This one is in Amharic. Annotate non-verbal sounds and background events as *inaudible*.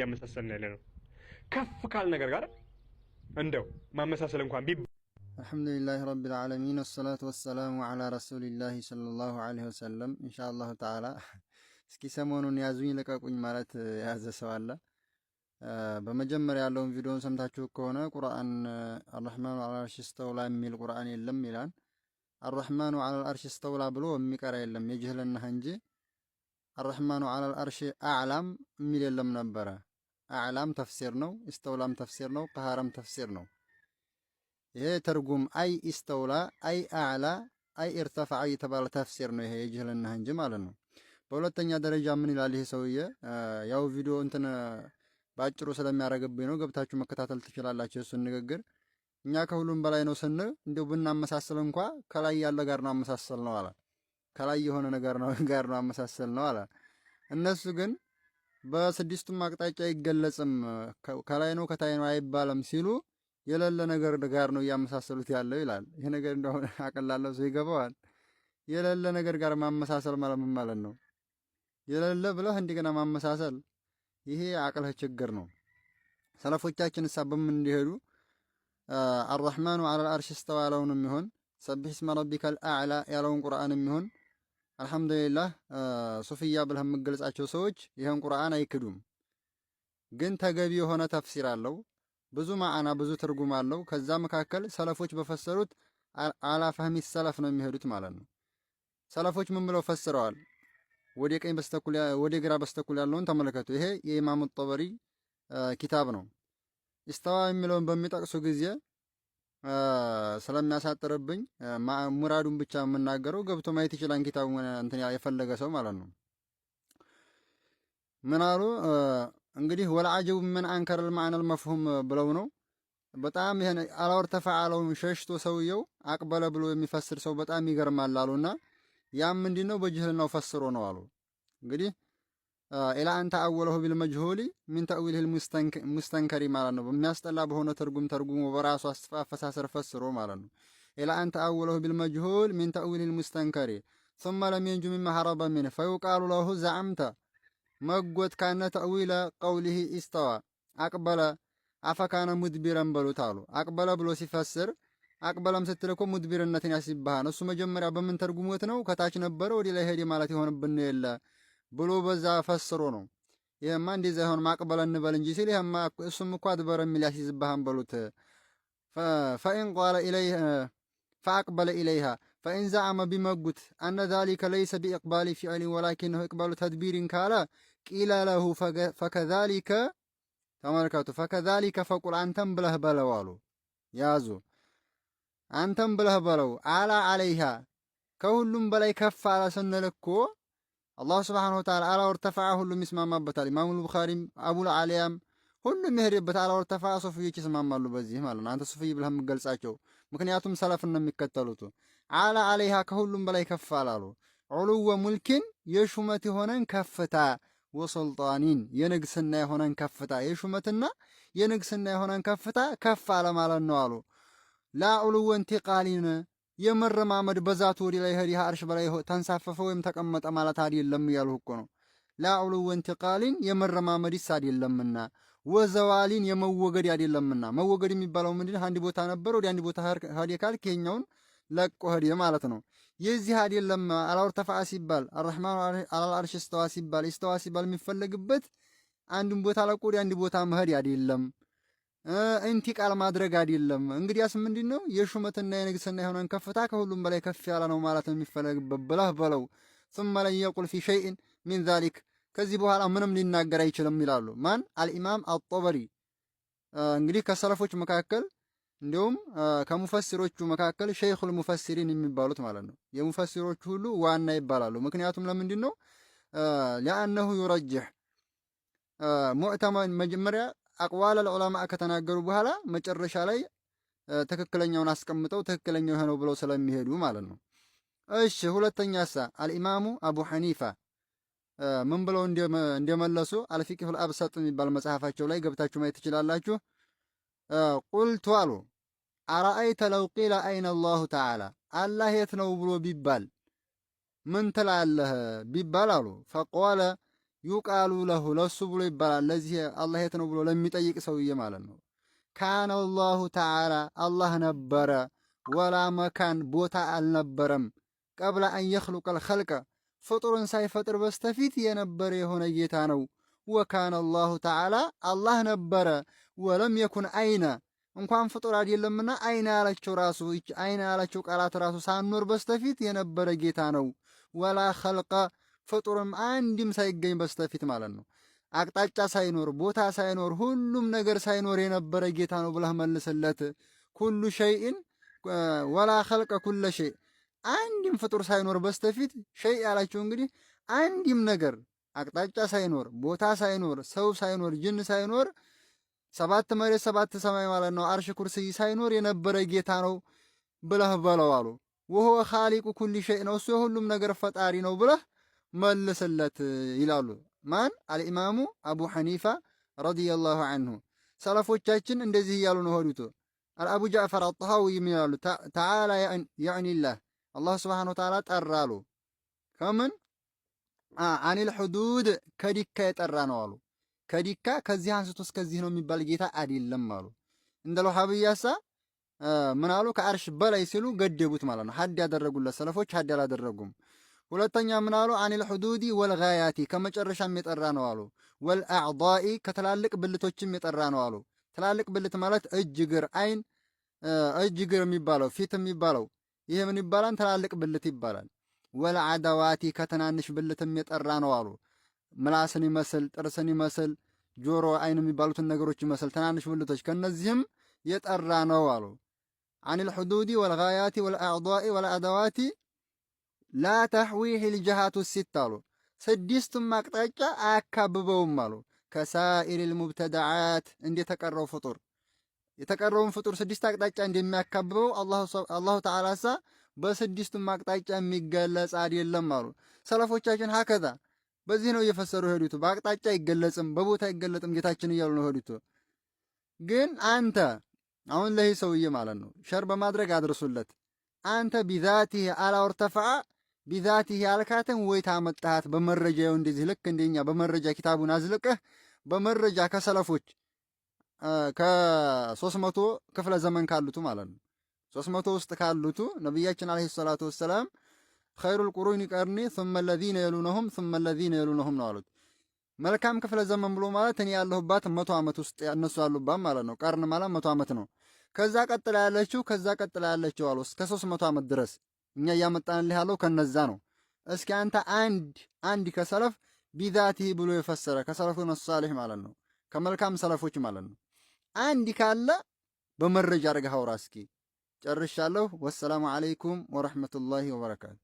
እያመሳሰልን ያለ ነው ከፍ ካል ነገር ጋር እንደው ማመሳሰል እንኳን ቢ አልሐምዱሊላህ ረቢል ዓለሚን ወሰላቱ ወሰላሙ ዓላ ረሱሊላህ ሰለላሁ ዓለይሂ ወሰለም። ኢንሻአላሁ ተዓላ እስኪ ሰሞኑን ያዙኝ ልቀቁኝ ማለት የያዘ ሰው አለ። በመጀመሪያ ያለውን ቪዲዮን ሰምታችሁ ከሆነ ቁርአን አርረሕማኑ ዓላ አርሽ ስተውላ የሚል ቁርአን የለም ይላል። አርረሕማኑ ዓላ አርሽ ስተውላ ብሎ የሚቀራ የለም የጅህልና እንጂ አርረሕማኑ ዓላ አርሽ አዕላም የሚል የለም ነበረ አዕላም ተፍሲር ነው። ኢስተውላም ተፍሲር ነው። ቀሃራም ተፍሲር ነው። ይሄ ትርጉም አይ ኢስተውላ፣ አይ አዕላ፣ አይ ኢርተፋዓ የተባለ ተፍሲር ነው። ይሄ የጅህልና እንጂ ማለት ነው። በሁለተኛ ደረጃ ምን ይላል ይሄ ሰውዬ? ያው ቪዲዮ እንትን በአጭሩ ስለሚያደርግብኝ ነው። ገብታችሁ መከታተል ትችላላችሁ የእሱን ንግግር። እኛ ከሁሉም በላይ ነው ስንል እንዲሁ ብናመሳስል እንኳ ከላይ ያለ ጋር ነው አመሳሰል ነው አለ። ከላይ የሆነ ነገር ነው *laughs* ጋር ነው አመሳሰል ነው አለ። እነሱ ግን በስድስቱም አቅጣጫ አይገለጽም፣ ከላይ ነው ከታይ ነው አይባልም ሲሉ የሌለ ነገር ጋር ነው እያመሳሰሉት ያለው ይላል። ይሄ ነገር እንደሆነ *laughs* አቀላለሁ ሰው ይገባዋል። የሌለ ነገር ጋር ማመሳሰል ማለት ምን ማለት ነው? የሌለ ብለህ እንደገና ማመሳሰል፣ ይሄ አቅልህ ችግር ነው። ሰለፎቻችን እሳ በምን እንዲሄዱ አርረሕማኑ ዐለል አርሽ እስተዋ የሚሆን ሰቢሕ ስመ ረቢከል አዕላ ያለውን ቁርአን የሚሆን አልሐምዱሊላህ ሱፍያ ብለህ የምገልጻቸው ሰዎች ይህን ቁርአን አይክዱም፣ ግን ተገቢ የሆነ ተፍሲር አለው። ብዙ ማዕና ብዙ ትርጉም አለው። ከዛ መካከል ሰለፎች በፈሰሩት አላ ፈህሚ ሰለፍ ነው የሚሄዱት ማለት ነው። ሰለፎች ምን ብለው ፈስረዋል? ወደ ቀኝ በስተኩል ወደ ግራ በስተኩል ያለውን ተመለከቱ። ይሄ የኢማሙ ጠበሪ ኪታብ ነው። ኢስተዋ የሚለውን በሚጠቅሱ ጊዜ ስለሚያሳጥርብኝ ሙራዱን ብቻ የምናገረው ገብቶ ማየት ይችላል። ኪታቡ እንትን የፈለገ ሰው ማለት ነው። ምን አሉ እንግዲህ ወለአጀቡ ምን አንከረል ማዕነል መፍሁም ብለው ነው። በጣም ይሄን አላወር ተፈዓለው ሸሽቶ ሰውየው አቅበለ ብሎ የሚፈስር ሰው በጣም ይገርማል አሉና ያም ምንድን ነው በጅህልናው ፈስሮ ነው አሉ እንግዲህ ኢላ አንተ አወለሁ ቢልመጅሁሊ ሚን ተእዊልህ ሙስተንከሪ ማለት ነው። በሚያስጠላ በሆነ ትርጉም ተርጉሞ በራሱ አፈሳሰር ፈስሮ ማለት ነው። ኢላ አንተ አወለሁ ቢልመጅሁል ሚን ተእዊልህ ሙስተንከሪ ثم لم ينجو مما هرب منه فيقال له زعمت መጎት ካነ ተእዊለ ቀውሊህ ኢስተዋ አቅበለ አፈካነ ሙድቢረን በሉት አሉ። አቅበለ ብሎ ሲፈስር አቅበለም ስትል እኮ ሙድቢርነትን ያስይብሃን። እሱ መጀመሪያ በምን ተርጉሞት ነው ከታች ነበረ ወደ ላይ ሄደ ማለት የሆንብን የለ ብሎ በዛ ፈስሮ ነው። ይህማ እንደዚያ ይሆን ማቅበል እንበል እንጂ ሲል ይህማ እሱም እኮ አድበር የሚል ያስይዝብሃን በሉት። ፈኢን ቃለ ፈአቅበለ ኢለይሃ ፈኢን ዘዐመ ቢመጉት አነ ዛሊከ ለይሰ ቢእቅባሊ ፊዕሊን ወላኪነሁ ኢቅባሉ ተድቢሪን ካለ ቂለ ለሁ ፈከዛሊከ ተመልከቱ፣ ፈከዛሊከ ፈቁል አንተም ብለህ በለው አሉ። ያዙ አንተም ብለህ በለው አላ አለይሃ ከሁሉም በላይ ከፍ አለ ስንል እኮ አላሁ ስብሓን ወተዓላ አላወር ሁሉም ይስማማበታል። ኢማሙል ቡኻሪም አቡል አሊያም ሁሉም የሄደበት አላወር ተፋዓ ይስማማሉ። በዚህ ማለት ነው አንተ ሱፍይ ብለህ የምገልጻቸው ምክንያቱም ሰለፍን ነው የሚከተሉት። አላ አለይሃ ከሁሉም በላይ ከፍ አላሉ ዑሉወ ሙልኪን የሹመት የሆነን ከፍታ ወሰልጣኒን የንግስና የሆነን ከፍታ የሹመትና የንግስና የሆነን ከፍታ ከፍ አለ ማለት ነው አሉ ላ ዑሉወ እንቲቃሊን የመረማመድ በዛት ወዲ ላይ ህዲህ አርሽ በላይ ተንሳፈፈ ወይም ተቀመጠ ማለት አይደለም እያልሁ እኮ ነው። ላዕሉ ወንትቃሊን የመረማመድስ አይደለምና ወዘዋሊን የመወገድ አይደለምና። መወገድ የሚባለው ምንድን አንድ ቦታ ነበር ወደ አንድ ቦታ ሀዲ ካልክ ይኸኛውን ለቆ ሀዲ ማለት ነው። የዚህ አይደለም አላውር ተፋዓ ሲባል አርሕማኑ አላልአርሽ እስተዋ ሲባል እስተዋ ሲባል የሚፈለግበት አንድን ቦታ ለቆ ወደ አንድ ቦታ መሄድ አይደለም። ቃል ማድረግ አይደለም። እንግዲያስ ምንድን ነው የሹመትና የንግስና የሆነን ከፍታ ከሁሉም በላይ ከፍ ያለ ነው ማለት የሚፈለግበት ብለህ በለው። ثم ለን የቁል ፊ شيء ሚን ዛሊክ፣ ከዚህ በኋላ ምንም ሊናገር አይችልም ይላሉ። ማን አልኢማም አጦበሪ እንግዲህ ከሰለፎች መካከል እንዲሁም ከሙፈሲሮቹ መካከል ሸይኹል ሙፈሲሪን የሚባሉት ማለት ነው። የሙፈሲሮቹ ሁሉ ዋና ይባላሉ። ምክንያቱም ለምንድን ነው ሊአነሁ ዩረጅሕ ሙዕተመን መጀመሪያ አቅዋል ዑለማ ከተናገሩ በኋላ መጨረሻ ላይ ትክክለኛውን አስቀምጠው ትክክለኛው የሆነው ብለው ስለሚሄዱ ማለት ነው። እሺ ሁለተኛ ሳ አልኢማሙ አቡ ሐኒፋ ምን ብለው እንደመለሱ አልፊቅሁል አብሰጥ የሚባል መጽሐፋቸው ላይ ገብታችሁ ማየት ትችላላችሁ። ቁልቱ አሉ አረአይተ ለው ቂለ አይነ አላሁ ተዓላ አላህ የት ነው ብሎ ቢባል ምን ትላለህ ቢባል አሉ ፈቆለ ዩቃሉ ለሁ ለሱ ብሎ ይባላል። ለዚህ አላህ የት ነው ብሎ ለሚጠይቅ ሰውዬ ማለት ነው። ካነ አላሁ ተዓላ አላህ ነበረ፣ ወላ መካን ቦታ አልነበረም። ቀብለ አን የኽሉቀል ኸልቀ ፍጡርን ሳይፈጥር በስተፊት የነበረ የሆነ ጌታ ነው። ወካነ አላሁ ተዓላ አላህ ነበረ፣ ወለም የኩን አይነ እንኳን ፍጡር አይደለምና አይነ ያላቸው ራሱ አይነ ያላቸው ቃላት ራሱ ሳኖር በስተፊት የነበረ ጌታ ነው። ወላ ኸልቀ ፍጡርም አንድም ሳይገኝ በስተፊት ማለት ነው አቅጣጫ ሳይኖር ቦታ ሳይኖር ሁሉም ነገር ሳይኖር የነበረ ጌታ ነው ብለህ መልስለት። ኩሉ ሸይእን ወላ ኸልቀ ኩለ ሸይ አንድም ፍጡር ሳይኖር በስተፊት ሸይ ያላቸው እንግዲህ አንድም ነገር አቅጣጫ ሳይኖር ቦታ ሳይኖር ሰው ሳይኖር ጅን ሳይኖር ሰባት መሬት ሰባት ሰማይ ማለት ነው አርሽ ኩርሲይ ሳይኖር የነበረ ጌታ ነው ብለህ በለው አሉ። ወሆ ኻሊቁ ኩሊ ሸይ ነው እሱ የሁሉም ነገር ፈጣሪ ነው ብለህ መልስለት ይላሉ። ማን አልኢማሙ አቡ ሐኒፋ ረዲየላሁ አንሁ። ሰለፎቻችን እንደዚህ እያሉ ነው። ሆዱቱ አልአቡ ጃዕፈር አጣሃዊ ይላሉ። ተዓላ ያዕኒላህ አላህ ስብሓነሁ ወተዓላ ጠራሉ። ከምን አኒል ሑዱድ ከዲካ የጠራ ነው አሉ። ከዲካ ከዚህ አንስቶ እስከዚህ ነው የሚባል ጌታ አይደለም አሉ። እንደ ለውሃብያሳ ምን አሉ? ከአርሽ በላይ ሲሉ ገደቡት ማለት ነው። ሀድ ያደረጉለት ሰለፎች ሀድ አላደረጉም። ሁለተኛ ምን አሉ? አኒል ሑዱዲ ወልጋያቲ ከመጨረሻም የጠራ ነው አሉ። ወልአዕዳኢ ከትላልቅ ብልቶችም የጠራ ነው አሉ። ትላልቅ ብልት ማለት እጅ፣ እግር፣ አይን፣ እጅ እግር የሚባለው ፊት የሚባለው ይህ ምን ይባላል? ትላልቅ ብልት ይባላል። ወልዓደዋቲ ከትናንሽ ብልትም የጠራ ነው አሉ። ምላስን ይመስል ጥርስን ይመስል ጆሮ፣ አይን የሚባሉትን ነገሮች ይመስል ትናንሽ ብልቶች ከእነዚህም የጠራ ነው አሉ። አኒል ሑዱዲ ወልጋያቲ ወልአዕዳኢ ወልአደዋቲ ላተሕዊህ ልጅሃቱ ሲት አሉ። ስድስቱም አቅጣጫ አያካብበውም አሉ። ከሳኢር ልሙብተዳዓት እንደተቀረው ፍጡር የተቀረውን ፍጡር ስድስት አቅጣጫ እንደሚያካብበው አላሁ ተዓላ ሳ በስድስቱም አቅጣጫ የሚገለጽ አይደለም አሉ ሰለፎቻችን። ሀከዛ በዚህ ነው እየፈሰሩ ሄዱት። በአቅጣጫ አይገለጽም፣ በቦታ አይገለጥም ጌታችን እያሉ ነው ሄዱት። ግን አንተ አሁን ለይህ ሰውዬ ማለት ነው ሸር በማድረግ አድርሱለት አንተ ቢዛቲህ አላ ወርተፈዓ ቢዛቲህ ያልካትን ወይ ታመጣሃት በመረጃ ይኸው እንደዚህ ልክ እንደኛ በመረጃ ኪታቡን አዝልቀህ በመረጃ ከሰለፎች ከሶስት መቶ ክፍለ ዘመን ካሉቱ ማለት ነው ሶስት መቶ ውስጥ ካሉቱ ነቢያችን አለይሂ ሰላቱ ወሰላም ኸይሩል ቁሩኒ ቀርኒ ሱመ ለዚነ የሉነሁም ሱመ ለዚነ የሉነሁም ነው አሉት። መልካም ክፍለ ዘመን ብሎ ማለት እኔ ያለሁባት መቶ ዓመት ውስጥ እነሱ ያሉባት ማለት ነው። ቀርን ማለት መቶ ዓመት ነው። ከዛ ቀጥላ ያለችው ከዛ ቀጥላ ያለችው አሉ እስከ ሶስት መቶ ዓመት ድረስ እኛ እያመጣንልህ ያለው ከነዛ ነው። እስኪ አንተ አንድ አንድ ከሰለፍ ቢዛቲህ ብሎ የፈሰረ ከሰለፉን ሳሌሕ ማለት ነው፣ ከመልካም ሰለፎች ማለት ነው። አንድ ካለ በመረጃ አድርገህ አውራ። እስኪ ጨርሻለሁ። ወሰላሙ አለይኩም ወረሕመቱላሂ ወበረካቱ።